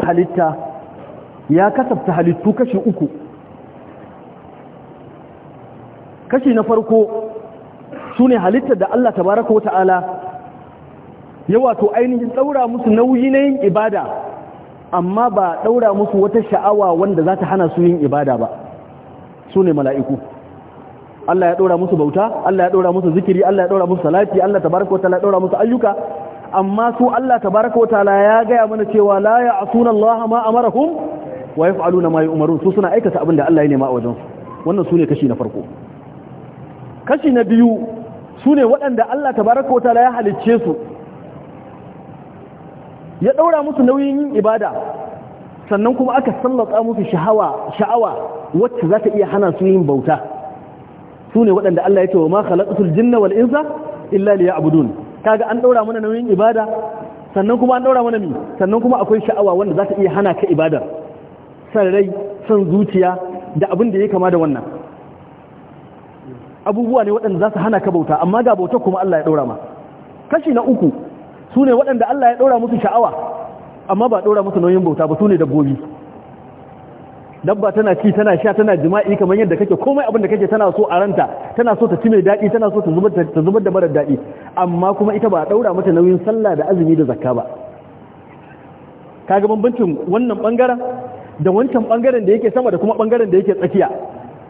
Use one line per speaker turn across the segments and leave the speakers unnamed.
halitta ya kasafta halittu kashi uku kashi na farko su ne halittar da Allah tabaraka wata'ala ya wato ainihin ɗaura musu nauyi na yin ibada amma ba ɗaura musu wata sha'awa wanda za ta hana su yin ibada ba su ne mala'iku Allah ya ɗora musu bauta Allah ya ɗora musu zikiri Allah ya ɗora musu salati Allah tabaraka wata'ala ya ɗora musu ayyuka amma su Allah tabaraka wa ta'ala ya gaya mana cewa la ya'suna Allah ma amarahum wa yaf'aluna ma yu'marun su suna aikata abin da Allah ya nema a wajen su wannan sune kashi na farko kashi na biyu sune waɗanda Allah tabaraka wa ta'ala ya halicce su ya daura musu nauyin yin ibada sannan kuma aka sallata musu sha'awa sha'awa wacce za ta iya hana su yin bauta sune waɗanda Allah ya ce wa ma khalaqatul jinna wal insa illa liya'budun kaga an daura mana nauyin ibada sannan kuma an daura mana mi sannan kuma akwai sha'awa wanda za ta iya hana ka ibadar san rai san zuciya da abin da ya kama da wannan abubuwa ne waɗanda za su hana ka bauta amma ga bauta kuma Allah ya daura ma kashi na uku su ne waɗanda Allah ya daura musu sha'awa amma ba daura musu nauyin bauta ba su ne dabbobi dabba tana ci tana sha tana jima'i kamar yadda kake komai abin da kake tana so a ranta tana so ta ci mai daɗi tana so ta zubar da mara daɗi amma kuma ita ba a ɗaura mata nauyin sallah da azumi da zakka ba kaga bambancin wannan ɓangaren da wancan ɓangaren da yake sama da kuma ɓangaren da yake tsakiya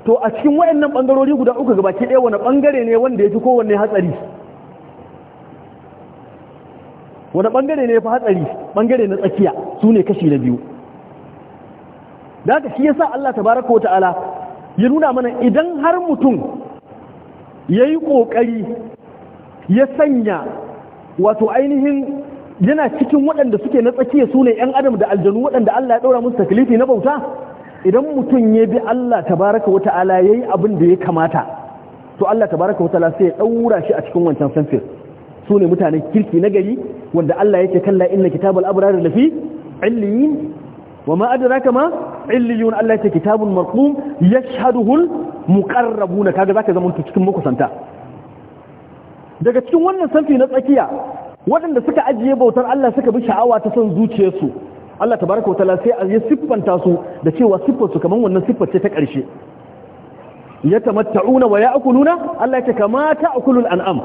to a cikin wayannan ɓangarori guda uku gabaki ɗaya wani ɓangare ne wanda ya fi kowanne hatsari wani ɓangare ne ya fi hatsari ɓangare na tsakiya su ne kashi na biyu da haka shi yasa Allah tabaraka ta'ala ya nuna mana idan har mutum ya yi ƙoƙari ya sanya wato ainihin yana cikin waɗanda suke na tsakiya su ne 'yan adam da aljanu waɗanda Allah ya ɗaura musu taklifi na bauta idan mutum ya bi Allah tabaraka wa ta'ala ya yi abin da ya kamata to Allah tabaraka wa ta'ala sai ya ɗaura shi a cikin wancan sanfir su ne mutanen kirki na gari wanda Allah yake kalla inna kitabul abrar lafi illiyin wa ma adraka ma illiyun Allah yake kitabun marqum yashhaduhu almuqarrabuna kaga zaka zamanta cikin makusanta daga cikin wannan sanfi na tsakiya waɗanda suka ajiye bautar Allah suka bi sha'awa ta son zuciyarsu Allah tabaraka wa ta'ala sai ya siffanta su da cewa siffar su kaman wannan siffar ce ta ƙarshe yatamatta'una wa ya'kuluna Allah yake kama ta'kulul an'am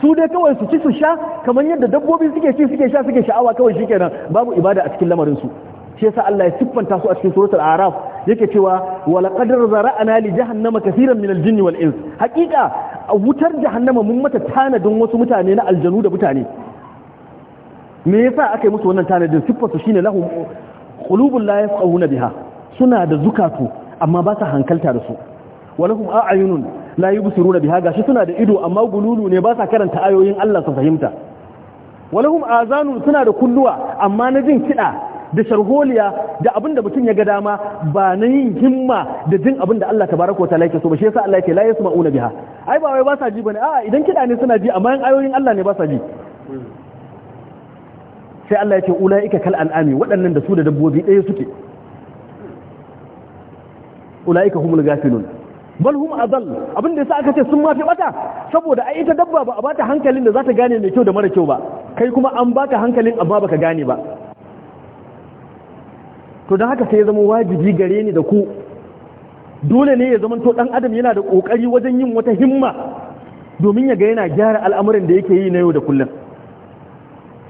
su dai kawai su ci su sha kaman yadda dabbobi suke ci suke sha suke sha'awa kawai shikenan babu ibada a cikin lamarin su shi yasa Allah ya siffanta su a cikin suratul araf yake cewa wala qadar zara'ana li jahannama kaseeran min al-jinni wal ins haqiqa wutar jahannama mun mata tanadin wasu mutane na aljanu da mutane me yasa aka yi musu wannan tanadin siffar su shine lahum qulubun la yafqahuna biha suna da zukatu amma ba sa hankalta da su walahum a'yunun la yubsiruna biha gashi suna da ido amma gululu ne ba sa karanta ayoyin Allah su fahimta walahum azanun suna da kulluwa amma na jin kida da sharholiya da abin da mutum ya ga dama ba na yin himma da jin abin da Allah tabaraka wa ta'ala yake so ba shi yasa Allah yake la yasma'una biha ai ba wai ba sa ji bane a idan kida ne suna ji amma yan ayoyin Allah ne ba sa ji sai Allah yake ulaika kal an'ami waɗannan da su da dabbobi ɗaya suke ulaika humul ghafilun bal hum adall abin da yasa aka ce sun mafi bata saboda ai ita dabba ba a bata hankalin da za ta gane mai kyau da mara kyau ba kai kuma an baka hankalin amma baka gane ba to don haka sai ya zama wajibi gare ni da ku dole ne ya zama to dan adam yana da kokari wajen yin wata himma domin ya ga yana gyara al'amuran da yake yi na yau da kullum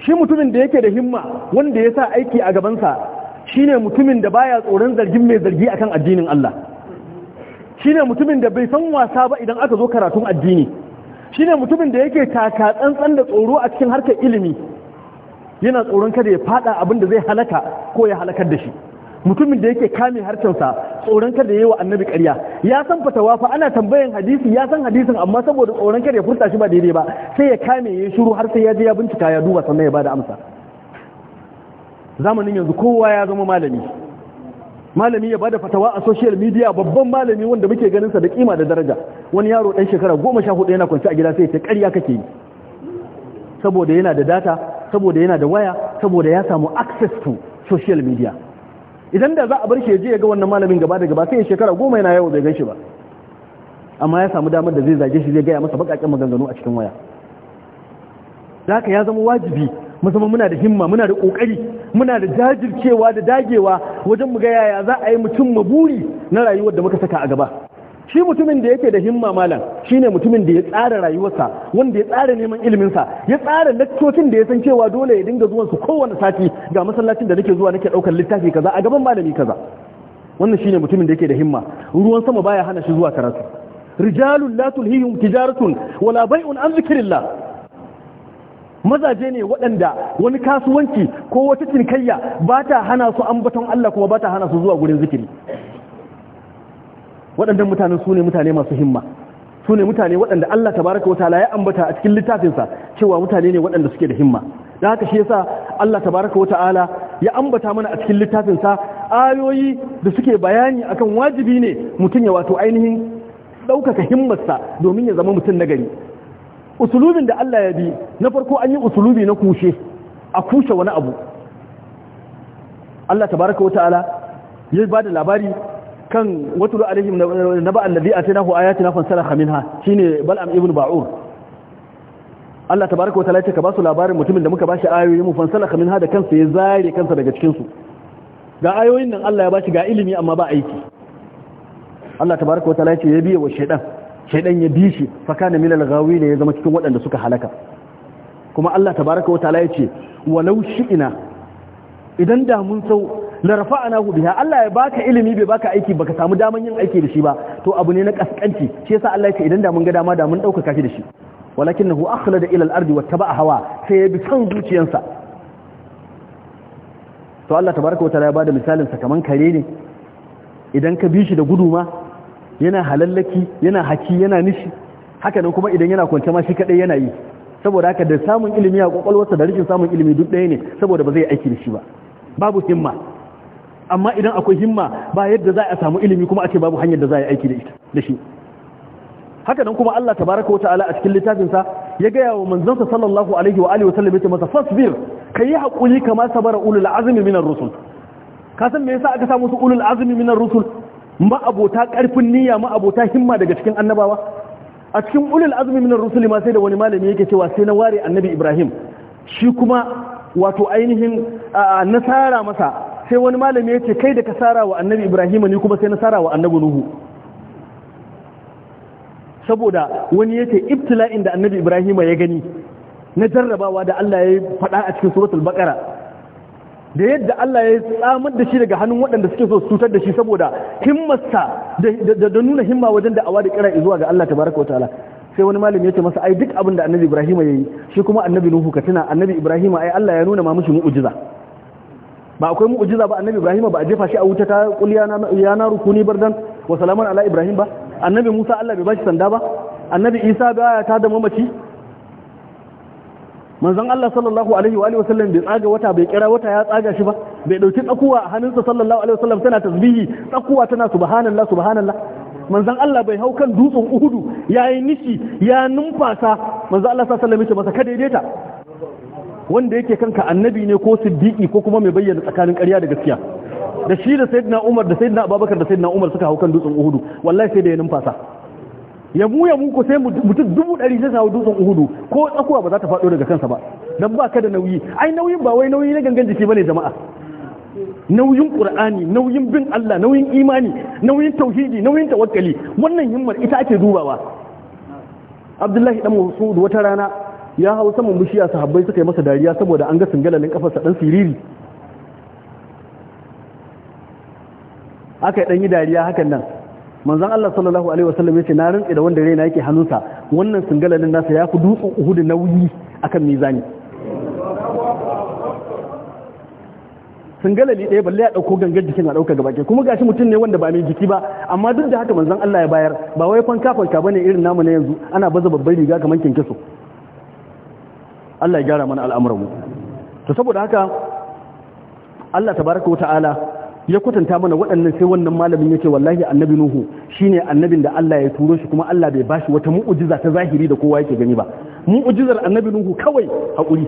shi mutumin da yake da himma wanda ya sa aiki a gabansa shine mutumin da baya tsoron zargin mai zargi akan addinin Allah shine mutumin da bai san wasa ba idan aka zo karatun addini shine mutumin da yake taka tsantsan da tsoro a cikin harkar ilimi yana tsoron kada ya fada abin da zai halaka ko ya halakar da shi mutumin da yake kame sa tsoron kada yayi wa annabi ƙarya ya san fatawa fa ana tambayan hadisi ya san hadisin amma saboda tsoron kada ya furta shi ba daidai ba sai ya kame ya shiru har sai ya je ya bincika ya duba sannan ya bada amsa zamanin yanzu kowa ya zama malami malami ya bada fatawa a social media babban malami wanda muke ganin sa da kima da daraja wani yaro dan shekara 14 yana kwance a gida sai ya ce ƙarya kake yi saboda yana da data saboda yana da waya saboda ya samu access to social media idan da za a bar shi je ya ga wannan malamin gaba da gaba sai ya shekara goma yana yau bai gan shi ba amma ya samu damar da zai zage shi zai gaya masa bakakken maganganu a cikin waya haka ya zama wajibi mu zama muna da himma muna da kokari muna da jajircewa da dagewa wajen mu ga yaya za a yi mutum maburi na rayuwar da muka saka a gaba shi mutumin da yake da himma malam shine mutumin da ya tsara rayuwarsa wanda ya tsara neman iliminsa ya tsara lakcocin da ya san cewa dole ya dinga zuwan su kowane sati ga masallacin da nake zuwa nake daukar littafi kaza a gaban malami kaza wannan shine mutumin da yake da himma ruwan sama baya hana shi zuwa karatu rijalun la tulhihim tijaratun wala bai'un an zikrillah mazaje ne waɗanda wani kasuwanci ko wata cinikayya ba ta hana su ambaton Allah kuma ba ta hana su zuwa gurin zikiri waɗannan mutanen su ne mutane masu himma su ne mutane waɗanda Allah tabaraka wa ta'ala ya ambata a cikin littafinsa cewa mutane ne waɗanda suke da himma da haka shi yasa Allah tabaraka wa ta'ala ya ambata mana a cikin littafinsa ayoyi da suke bayani akan wajibi ne mutum ya wato ainihin ɗaukaka himmarsa domin ya zama mutum nagari usulubin da Allah ya bi na farko an yi usulubi na kushe a kushe wani abu Allah tabaraka wa ta'ala ya ba da labari akan watulu alaihim naba alladhi atainahu ayatina fansalakha minha shine bal'am ibn ba'ur Allah tabaaraka wa ta'ala ya ce ka basu labarin mutumin da muka bashi ayoyi mu fansalakha minha da kansa ya zare kansa daga cikin su ga ayoyin nan Allah ya bashi ga ilimi amma ba aiki Allah tabaaraka wa ta'ala ya ce ya biye wa shaydan shaydan ya bi shi fa kana milal ghawi ne ya zama cikin waɗanda suka halaka kuma Allah tabaaraka wa ta'ala ya ce walau shi'ina idan da mun sau la rafa'nahu biha Allah ya baka ilimi bai baka aiki baka samu daman yin aiki da shi ba to abu ne na kaskanci shi yasa Allah ya ce idan da mun ga dama da mun dauka shi da shi walakinahu akhlada ila al-ardi wattaba'a hawa sai ya bi san zuciyarsa to Allah tabaraka ta'ala ya bada misalin sa kaman kare ne idan ka bi shi da guduma yana halallaki yana haki yana nishi haka nan kuma idan yana kwance ma shi kadai yana yi saboda haka da samun ilimi a sa da rikin samun ilimi duk ɗaya ne saboda ba zai aiki da shi ba babu himma amma idan akwai himma ba yadda za a samu ilimi kuma ake babu hanyar da za a yi aiki da ita da shi haka nan kuma Allah tabaraka wa ta'ala a cikin littafin sa ya gaya wa sa sallallahu alaihi wa alihi wa sallam yace masa fasbir kai hakuri kama sabara ulul azmi minar rusul ka san me yasa aka samu su ulul azmi minar rusul ma abota karfin niyya ma abota himma daga cikin annabawa a cikin ulul azmi minar rusul ma sai da wani malami yake cewa sai na ware annabi Ibrahim shi kuma wato ainihin nasara masa sai wani malami ya ce kai da ka tsara wa annabi ibrahim ne kuma sai na tsara wa annabi nuhu saboda wani ya ce ibtila'in da annabi ibrahim ya gani na jarrabawa da Allah ya faɗa a cikin suratul baqara da yadda Allah ya tsamar da shi daga hannun waɗanda suke so cutar da shi saboda himmarsa da nuna himma wajen da'awa da kira zuwa ga Allah tabaraka wa ta'ala sai wani malami ya ce masa ai duk abin da annabi ibrahim ya yi shi kuma annabi nuhu ka tuna annabi ibrahim ai Allah ya nuna ma mushi mu'jiza ba akwai mu'jiza ba annabi ibrahim ba a jefa shi a wuta ta kulya ya na rukuni bardan wa salaman ala ibrahim ba annabi musa allah bai bashi sanda ba annabi isa ba ta da mamaci manzon allah sallallahu alaihi wa alihi wasallam bai tsaga wata bai kira wata ya tsaga shi ba bai dauki tsakuwa a hannunsa sallallahu alaihi wa sallam tana tasbihi tsakuwa tana subhanallah subhanallah manzon allah bai hau kan dutsen uhudu yayi nishi ya numfasa manzon allah sallallahu alaihi wasallam ya ce masa ka daidaita wanda yake kanka annabi ne ko siddiqi ko kuma mai bayyana tsakanin ƙarya da gaskiya da shi da sayyidina Umar da sayyidina Abubakar da sayyidina Umar suka hau kan dutsen Uhudu wallahi sai da ya numfasa ya mu ya mu ko sai mutum dubu ɗari sai hau dutsen Uhudu ko tsakuwa ba za ta faɗo daga kansa ba dan ba ka da nauyi ai nauyin ba wai nauyi na gangan jiki bane jama'a nauyin qur'ani nauyin bin Allah nauyin imani nauyin tauhidi nauyin tawakkali wannan himmar ita ake dubawa Abdullahi dan Mas'ud wata rana ya hau saman bishiya sahabbai suka yi masa dariya saboda an ga singalalin kafarsa dan siriri aka yi dan yi dariya hakan nan manzon Allah sallallahu alaihi wasallam yace na rantsi da wanda na yake hannunsa wannan singalalin nasa ya fi dutsen uhudu nauyi akan mizani singalali ɗaya balle ya ɗauko gangar jikin a ɗauka gaba ke kuma gashi mutum ne wanda ba mai jiki ba amma duk da haka manzon Allah ya bayar ba wai fanka fanka bane irin namu na yanzu ana baza babbar riga kamar kinkiso Allah ya gyara mana al'amuranmu to saboda haka Allah baraka wa ta'ala ya kwatanta mana waɗannan sai wannan malamin yake wallahi annabi nuhu shine annabin da Allah ya turo shi kuma Allah bai bashi wata mu'ujiza ta zahiri da kowa yake gani ba mu'ujizar annabi nuhu kawai haƙuri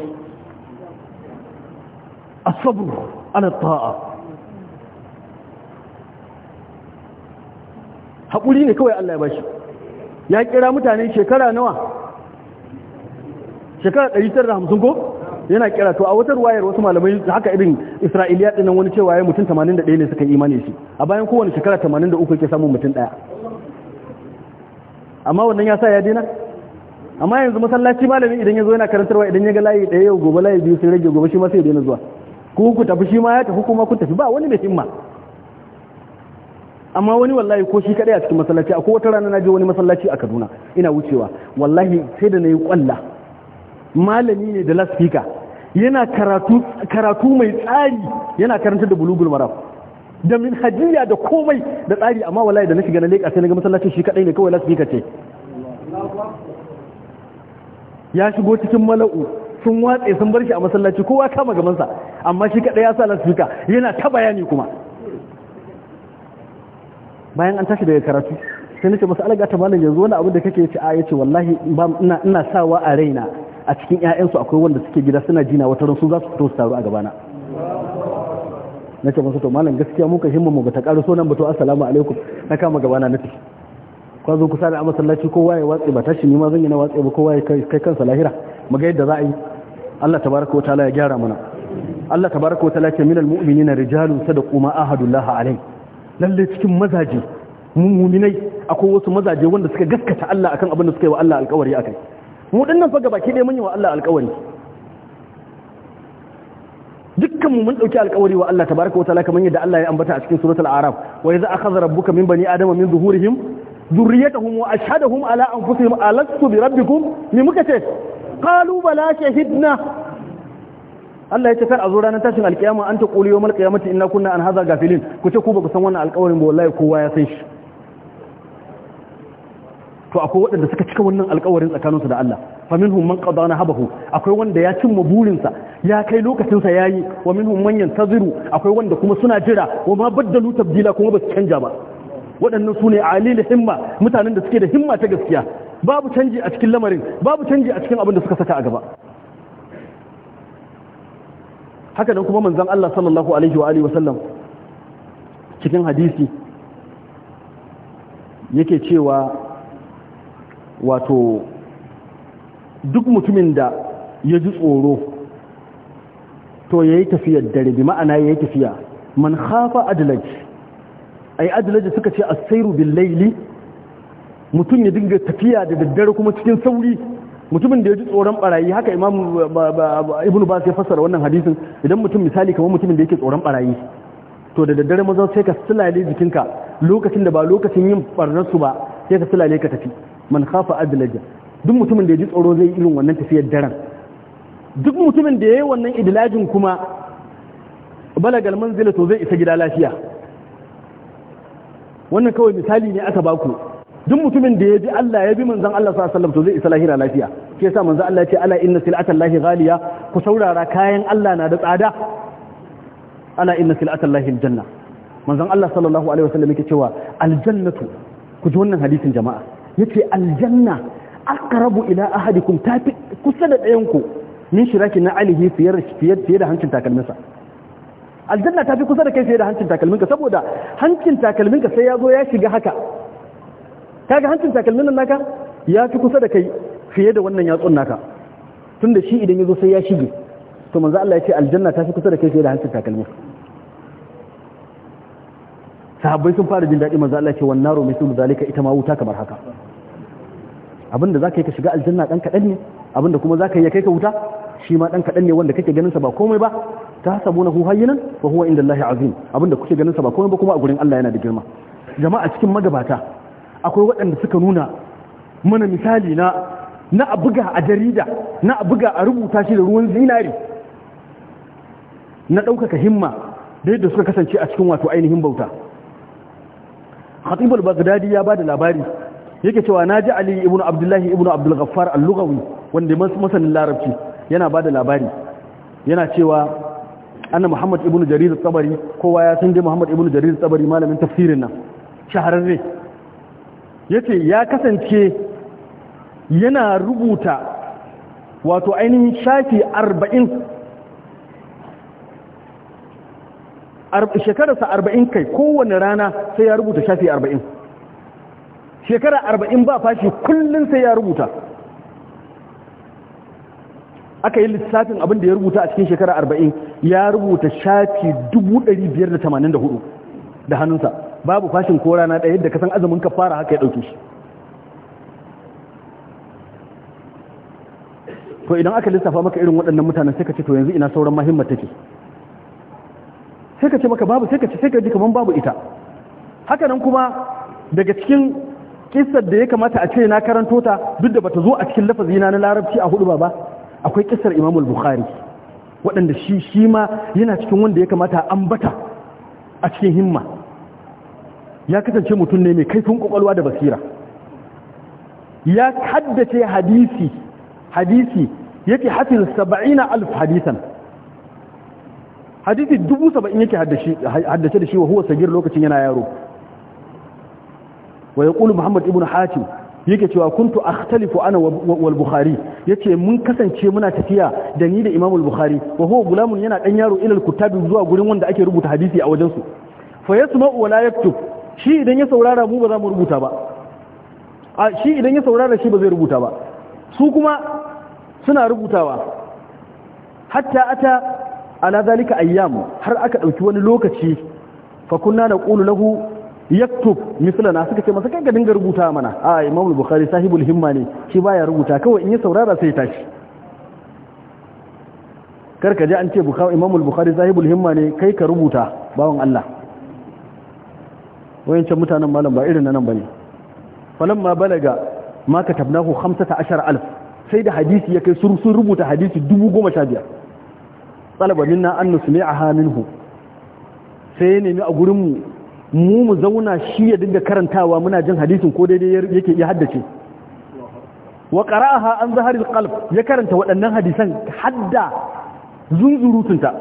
as ala ta'a haƙuri ne kawai Allah ya bashi ya kira mutane shekara nawa shekara 950 ko yana kira to a wata ruwayar wasu malamai haka irin isra'iliya dinan wani cewa ya mutum 81 ne suka imani shi a bayan kowane shekara 83 yake samun mutum daya amma wannan ya sa ya dena amma yanzu masallaci malami idan ya zo yana karantarwa idan ya ga layi ɗaya yau gobe layi biyu sai rage gobe shi ma sai daina zuwa ku ku tafi shi ma ya tafi kuma ku tafi ba wani mai himma amma wani wallahi ko shi kadai a cikin masallaci akwai wata rana na je wani masallaci a Kaduna ina wucewa wallahi sai da nayi kwalla malami ne da laspika yana karatu mai tsari yana karanta da bulugul maram da min hajiya da komai da tsari amma wallahi da na shiga na leka sai na ga masallacin shi kadai ne kawai laspika ce ya shigo cikin mala'u sun watse sun bar shi a masallaci kowa kama gamansa amma shi kadai ya sa laspika yana ta bayani kuma bayan an tashi daga karatu sai nace masa alaga ta malam yanzu wani abin da kake ci a yace wallahi ina sawa a raina a cikin 'ya'yansu akwai wanda suke gida suna jina wata ran su za su fito su taru a gabana na ce masu to malam gaskiya muka himma mu bata ƙara so nan ba assalamu alaikum na kama gabana na tafi kwa zo kusa da masallaci kowa ya watse ba tashi ni ma zan yi na watse ba kowa ya kai kansa lahira mu ga yadda za a yi Allah tabaraka wa ta'ala ya gyara mana Allah tabaraka wa ta'ala ke minal mu'minina rijalun sadaqu ma ahadullahi alai lalle cikin mazaje mu'minai akwai wasu mazaje wanda suka gaskata Allah akan abin da suka yi wa Allah alƙawari akai mu dinnan fa gabaki ɗaya mun yi wa Allah alƙawari dukkan mu mun dauki alƙawari wa Allah tabaraka wataala kamar yadda Allah ya ambata a cikin suratul araf wa idza akhadha rabbuka min bani adama min zuhurihim dhurriyyatahum wa ashhadahum ala anfusihim alastu bi rabbikum ni muka ce qalu bala shahidna Allah ya ce kar a zo ranar tashin alkiyama an ta qulu yawmal qiyamati inna kunna an haza gafilin ku ce ku ba ku san wannan alƙawarin ba wallahi kowa ya san shi to akwai waɗanda suka cika wannan alkawarin tsakaninsu da Allah fa minhum man na habahu, akwai wanda ya cimma burinsa ya kai lokacin sa yayi wa minhum man yantaziru akwai wanda kuma suna jira wa ma baddalu tabdila kuma ba su canja ba waɗannan su ne alil himma mutanen da suke da himma ta gaskiya babu canji a cikin lamarin babu canji a cikin abin da suka saka a gaba haka nan kuma manzon Allah sallallahu alaihi wa alihi wa sallam cikin hadisi yake cewa wato duk mutumin da ya ji tsoro to ya yi tafiyar dare bi ma'ana ya yi tafiya man hafa a yi adalaj suka ce a sairu laili mutum ya dinga tafiya da daddare kuma cikin sauri mutumin da ya ji tsoron barayi haka imam ibn bas ya fassara wannan hadisin idan mutum misali kamar mutumin da yake tsoron barayi to da daddare maza sai ka sulale jikinka lokacin da ba lokacin yin barnar ba sai ka sulale ka tafi man khafa adlaja duk mutumin da ya ji tsoro zai irin wannan tafiyar daren duk mutumin da ya yi wannan idlajin kuma balagal manzila to zai isa gida lafiya wannan kawai misali ne aka baku duk mutumin da ya ji Allah ya bi manzon Allah sallallahu alaihi wasallam to zai isa lahira lafiya shi yasa manzon Allah ya ce ala inna silatan lahi ghaliya ku saurara kayan Allah na da tsada ala inna silatan lahi aljanna manzon Allah sallallahu alaihi wasallam yake cewa aljannatu ku ji wannan hadisin jama'a yace aljanna aqrabu ila ahadikum tafi kusa da ɗayan ku min shiraki na alihi fiye da hancin takalminsa aljanna tafi kusa da kai fiyar da hancin takalminka saboda hancin takalminka sai ya zo ya shiga haka kaga hancin takalmin naka ya fi kusa da kai fiye da wannan yatsun naka tunda shi idan ya zo sai ya shige to manzo Allah ya ce aljanna tafi kusa da kai fiye da hancin takalminka sahabbai sun fara jin daɗi manzo Allah ce wan naru mithlu zalika ita ma wuta kamar haka abinda zaka yi ka shiga aljanna dan kadan ne abinda kuma zaka yi kai ka wuta shi ma dan kadan ne wanda kake ganin sa ba komai ba ta hu hayyinan fa huwa inda Allah azim abinda kuke ganin sa ba komai ba kuma a gurin Allah yana da girma jama'a cikin magabata akwai waɗanda suka nuna mana misali na na a buga a jarida na a buga a rubuta shi da ruwan zinari na ɗaukaka himma da yadda suka kasance a cikin wato ainihin bauta khatib Bagdadi ya bada labari yake cewa naji ali ibnu abdullahi ibnu abdul ghaffar al-lughawi wanda masanin larabci yana bada labari yana cewa anna muhammad ibnu jarir al-tabari kowa ya san dai muhammad ibnu jarir al-tabari malamin tafsirin nan shahararre yace ya kasance yana rubuta wato ainihin shafi arba'in. shekararsa arba'in kai kowane rana sai ya rubuta shafi arba'in shekara arba'in ba fashi kullum sai ya rubuta aka yi lissafin abin da ya rubuta a cikin shekara arba'in ya rubuta shafi dubu ɗari biyar da tamanin da hudu da hannunsa babu fashin ko rana ɗaya yadda kasan azumin ka fara haka ya ɗauke shi to idan aka lissafa maka irin waɗannan mutanen sai ka ce to yanzu ina sauran mahimmar take sai ka ce maka babu sai ka ce sai ka ji kaman babu ita haka nan kuma daga cikin kissar da ya kamata a ce na karanto ta duk da bata zo a cikin lafazi na na larabci a hudu ba akwai kissar imamul bukhari waɗanda shi shi ma yana cikin wanda ya kamata ambata a cikin himma ya kasance mutum ne mai kaifin kwakwalwa da basira ya haddace hadisi hadisi yake hafin saba'ina alf hadisan hadisi dubu saba'in yake haddace da shi wa huwa sagir lokacin yana yaro wa Kulu muhammad ibn hatim yake cewa kuntu akhtalifu ana wal bukhari yace mun kasance muna tafiya da ni da imamul al bukhari wa huwa gulamun yana dan yaro ilal kutabi zuwa gurin wanda ake rubuta hadisi a wajensu. su fa yasma'u wa la shi idan ya saurara mu ba za mu rubuta ba a shi idan ya saurara shi ba zai rubuta ba su kuma suna rubutawa hatta ata ala zalika ayyam har aka dauki wani lokaci fa kunna naqulu lahu yaktub mislana suka ce masa kai dinga rubuta mana a imam bukhari sahibul himma ne shi baya rubuta kawai in ya saurara sai ya tashi karka ji an ce bukhari imam bukhari sahibul himma ne kai ka rubuta bawon Allah wayancan mutanen malam ba irin nan bane ma balaga ma katabnahu 15000 sai da hadisi ya kai sun rubuta hadisi 15000 talaba minna an nusmi'aha minhu sai ya nemi a gurin mu mu mu zauna shi ya dinga karantawa muna jin hadisin ko daidai yake iya haddace wa qara'aha an zaharil alqalb ya karanta waɗannan hadisan hadda zunzurutunta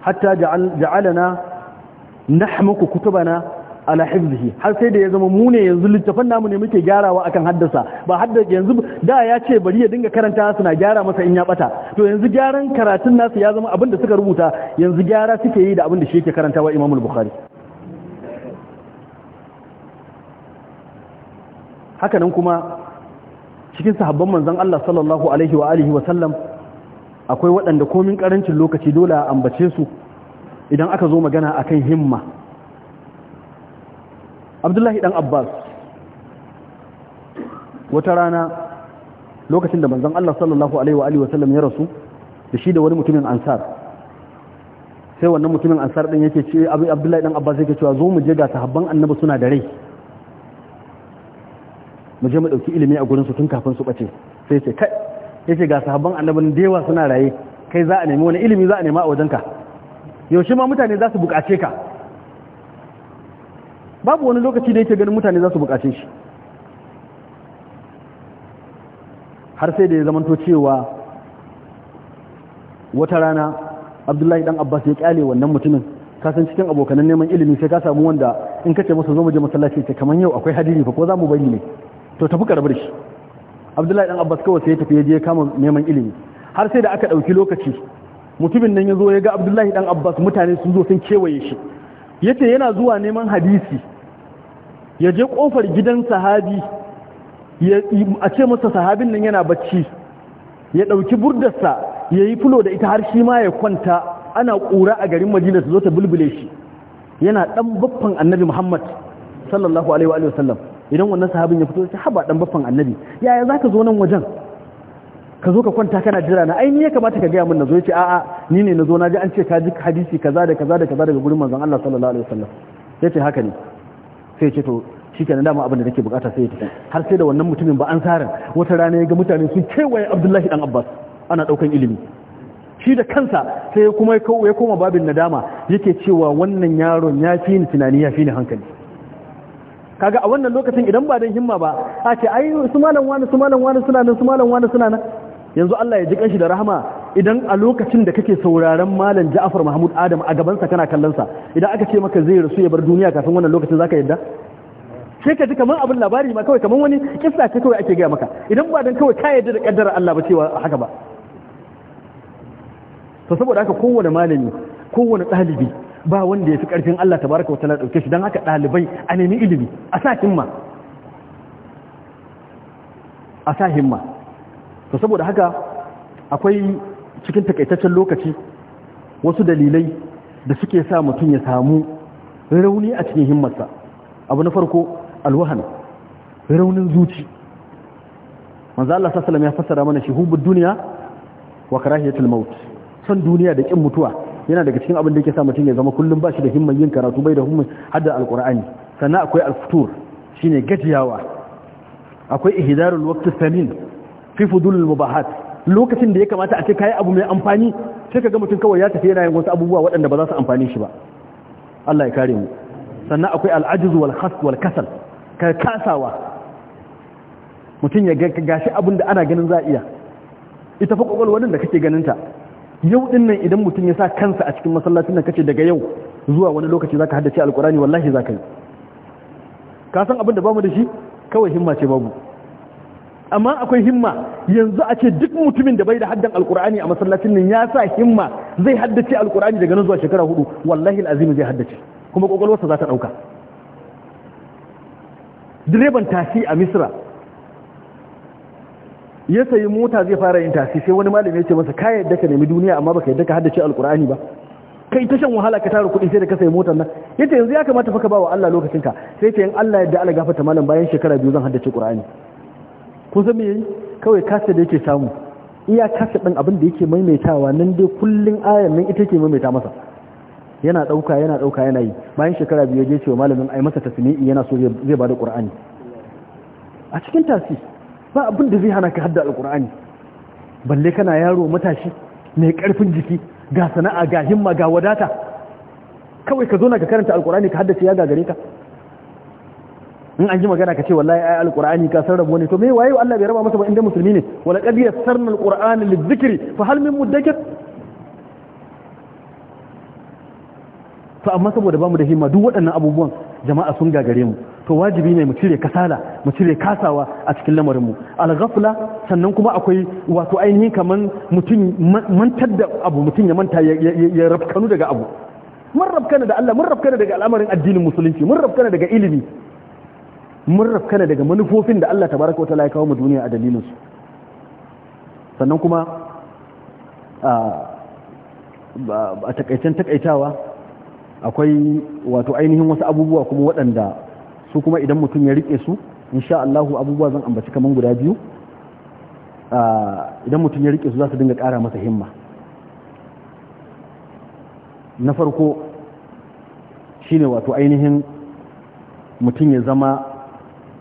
hatta ja'alana nahmuku kutubana ala hifzihi har sai da ya zama mu ne yanzu littafan namu ne muke gyarawa akan haddasa ba hadda yanzu da ya ce bari ya dinga karanta suna gyara masa in ya bata to yanzu gyaran karatun nasu ya zama abin da suka rubuta yanzu gyara suke yi da abin da shi yake karanta Imam al-Bukhari haka nan kuma cikin sahabban manzon Allah sallallahu alaihi wa alihi wa sallam akwai waɗanda komin karancin lokaci dole a ambace su idan aka zo magana akan himma abdullahi dan abbas wata rana lokacin da manzon Allah sallallahu alaihi wa alihi wasallam ya rasu da shi da wani mutumin ansar sai wannan mutumin ansar din yake ce abdullahi dan abbas yake cewa zo mu je ga sahabban annabi suna da rai mu je mu dauki ilimi a gurin su tun kafin su bace sai ce kai yace ga sahabban annabin da yawa suna raye kai za a nemi wani ilimi za a nema a wajenka yaushe ma mutane za su bukace ka babu wani lokaci da yake ganin mutane za su bukace shi har sai da ya zamanto cewa wata rana abdullahi dan abbas ya kyale wannan mutumin kasan cikin abokanan neman ilimi sai ka samu wanda in ka kace masa zo mu je masallaci ce kamar yau akwai hadiri fa ko za mu bari ne to tafi karbar da shi abdullahi dan abbas kawai sai ya tafi ya kama neman ilimi har sai da aka dauki lokaci mutumin nan ya zo ya ga abdullahi dan abbas mutane sun zo sun kewaye shi ya ce yana zuwa neman hadisi ya je ƙofar gidan sahabi a ce masa sahabin nan yana bacci ya ɗauki burdarsa ya yi fulo da ita har shi ma ya kwanta ana ƙura a garin madina su zo ta bulbule shi yana ɗan baffan annabi muhammad sallallahu alaihi wa sallam idan wannan sahabin ya fito ya ce haba ɗan baffan annabi yaya za ka zo nan wajen ka zo ka kwanta kana jira na ai ni ya kamata ka gaya min ya ce a'a ni ne na zo na ji an ce ka ji hadisi kaza da kaza da kaza daga gurin manzon Allah sallallahu alaihi wasallam haka ne sai ya ce to shikenan dama abin da take bukata sai ya tafi har sai da wannan mutumin ba an sarin wata rana ya ga mutane sun kewaye Abdullahi dan Abbas ana daukan ilimi shi da kansa sai ya kuma ya koma babin nadama yake cewa wannan yaron ya fi ni tunani ya fi ni hankali kaga a wannan lokacin idan ba dan himma ba a ce ai su malam wani su malam wani suna nan su malam wani suna nan yanzu Allah ya ji kanshi da rahama idan a lokacin da kake sauraron malam Ja'far Mahmud Adam a gabansa kana kallon sa idan aka ce maka zai rasu ya bar duniya kafin wannan lokacin zaka yadda sai ka ji kamar abin labari ma kawai kamar wani kissa ce kawai ake gaya maka idan ba dan kawai ka yadda da kaddara Allah ba cewa haka ba to saboda haka kowane malami kowane ɗalibi ba wanda ya fi ƙarfin Allah tabaraka wata ɗauke shi dan haka ɗalibai a nemi ilimi a sa himma a sa himma to saboda haka akwai cikin takaitaccen lokaci wasu dalilai da suke sa mutum ya samu rauni a cikin himmarsa abu na farko alwahan raunin zuci manzo Allah sallallahu ya fassara mana shi hubud duniya wa karahiyatul maut San duniya da kin mutuwa yana daga cikin abin da yake sa mutum ya zama kullum bashi da himman yin karatu bai da himman hadda alqur'ani sannan akwai alfutur shine gajiyawa akwai ihdarul waqti samin fi fudulul mubahat lokacin da ya kamata a ce kai abu mai amfani sai kaga mutum kawai ya tafi yana yin wasu abubuwa waɗanda ba za su amfani shi ba Allah ya kare mu sannan akwai al'ajiz wal khas wal kasal ka kasawa mutum ya gashi abin da ana ganin za iya ita fa wannan da kake ganin ta yau din nan idan mutum ya sa kansa a cikin masallacin nan kace daga yau zuwa wani lokaci zaka haddace alqurani wallahi zaka yi ka san abin da bamu da shi kawai himma ce babu amma akwai himma yanzu a ce duk mutumin da bai da haddan alkur'ani a masallacin nan ya sa himma zai haddace alkur'ani daga nan zuwa shekara hudu wallahi alazim zai haddace kuma kokolwarsa za ta dauka direban tasi a misra ya sayi mota zai fara yin tasi sai wani malami ya ce masa ka yadda ka nemi duniya amma baka yadda ka haddace alkur'ani ba kai ta shan wahala ka tara kuɗi sai da ka sayi motar nan yace yanzu ya kamata fa ka ba wa Allah lokacinka sai ce in Allah yadda Allah gafarta malam bayan shekara biyu zan haddace Qur'ani kun san yayi kawai kasa da yake samu iya kasa ɗin abin da yake maimaitawa nan dai kullun ayan nan ita ke maimaita masa yana ɗauka yana ɗauka yana yi bayan shekara biyu je cewa malamin ai masa tasmi'i yana so zai bada qur'ani a cikin tasi ba abin da zai hana ka hadda alqur'ani balle kana yaro matashi mai karfin jiki ga sana'a ga himma ga wadata kawai ka zo na ka karanta alqur'ani ka haddace ya gagare ka in an ji magana ka ce wallahi ai alqur'ani ka san rabo ne to me waye Allah bai raba masa ba inda musulmi ne wala qad yassarna alqur'ana lidhikri fa hal min mudakkir to amma saboda bamu da himma duk waɗannan abubuwan jama'a sun gagare mu to wajibi ne mu cire kasala mu cire kasawa a cikin lamarin mu al-ghafla sannan kuma akwai wato ainihin kaman mutum mantar da abu mutum ya manta ya rafkanu daga abu mun rafkana da Allah mun rafkana daga al'amarin addinin musulunci mun rafkana daga ilimi mun rafkana daga manufofin da Allah tabaraka wata ya kawo mu duniya a dalilin su sannan kuma a takaicen takaitawa akwai wato ainihin wasu abubuwa kuma waɗanda su kuma idan mutum ya rike su insha Allahu abubuwa zan ambaci kaman guda biyu idan mutum ya rike su za su dinga ƙara masa himma na farko shine wato ainihin mutum ya zama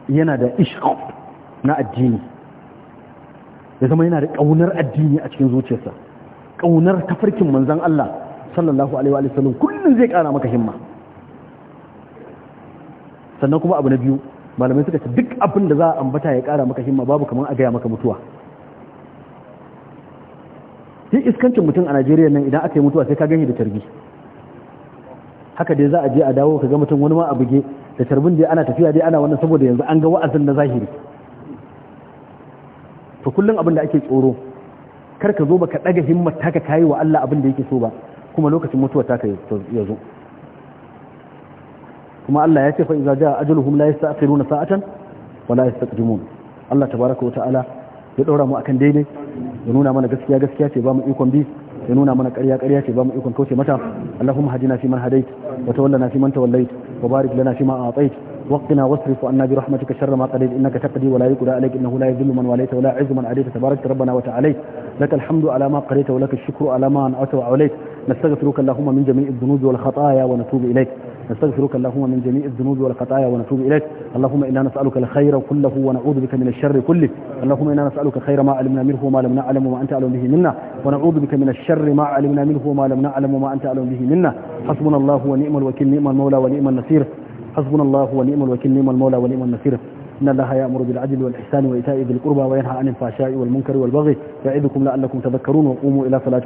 yana da ishq na addini ya zama yana da ƙaunar addini a cikin zuciyarsa ƙaunar tafarkin manzan Allah sallallahu alaihi wa sallam kullum zai ƙara maka himma sannan kuma abu na biyu malamai suka ce duk abin da za a ambata ya ƙara maka himma babu kamar a gaya maka mutuwa yi iskancin mutum a Najeriya nan idan aka yi mutuwa sai ka gani da tarbi haka dai za a je a dawo ka ga mutum wani ma a buge da tarbin dai ana tafiya dai ana wannan saboda yanzu an ga wa'azin na zahiri to kullum abin da ake tsoro kar ka zo baka daga himmat taka kai wa Allah abin da yake so ba kuma lokacin mutuwa taka ya zo kuma Allah ya ce fa iza jaa ajaluhum la yasta'khiruna sa'atan wa la yastaqdimun Allah tabaaraka wa ta'ala ya daura mu akan daidai ya nuna mana gaskiya gaskiya ce ba mu ikon bi ta nuna mana karya ƙarya ce ba mu ikon kauce mata Allahu mu na fi man hadait wa tawallana fi man tawallait wa barik lana fi ma a'tait waqina wasrif anna bi rahmatika sharra ma qadid innaka taqdi wa la a alayka innahu la yadhillu man walayta wa la yu'izzu man adayta tabarakta rabbana wa ta'alay lak alhamdu ala ma qadaita wa lak ashkuru ala ma an'ata wa alayk nastaghfiruka Allahumma min jami'i adh-dhunubi wal khataaya wa natubu ilayk نستغفرك اللهم من جميع الذنوب والخطايا ونتوب إليك اللهم إنا نسألك الخير كله ونعوذ بك من الشر كله اللهم إنا نسألك خير ما علمنا منه وما لم نعلم وما أنت أعلم به منا ونعوذ بك من الشر ما علمنا منه وما لم نعلم وما أنت أعلم به منا حسبنا الله ونعم الوكيل نعم المولى ونعم النصير حسبنا الله ونعم الوكيل نعم المولى ونعم النصير إن الله يأمر بالعدل والإحسان وإيتاء ذي القربى وينهى عن الفحشاء والمنكر والبغي يعظكم لعلكم تذكرون وقوموا إلى صلاتكم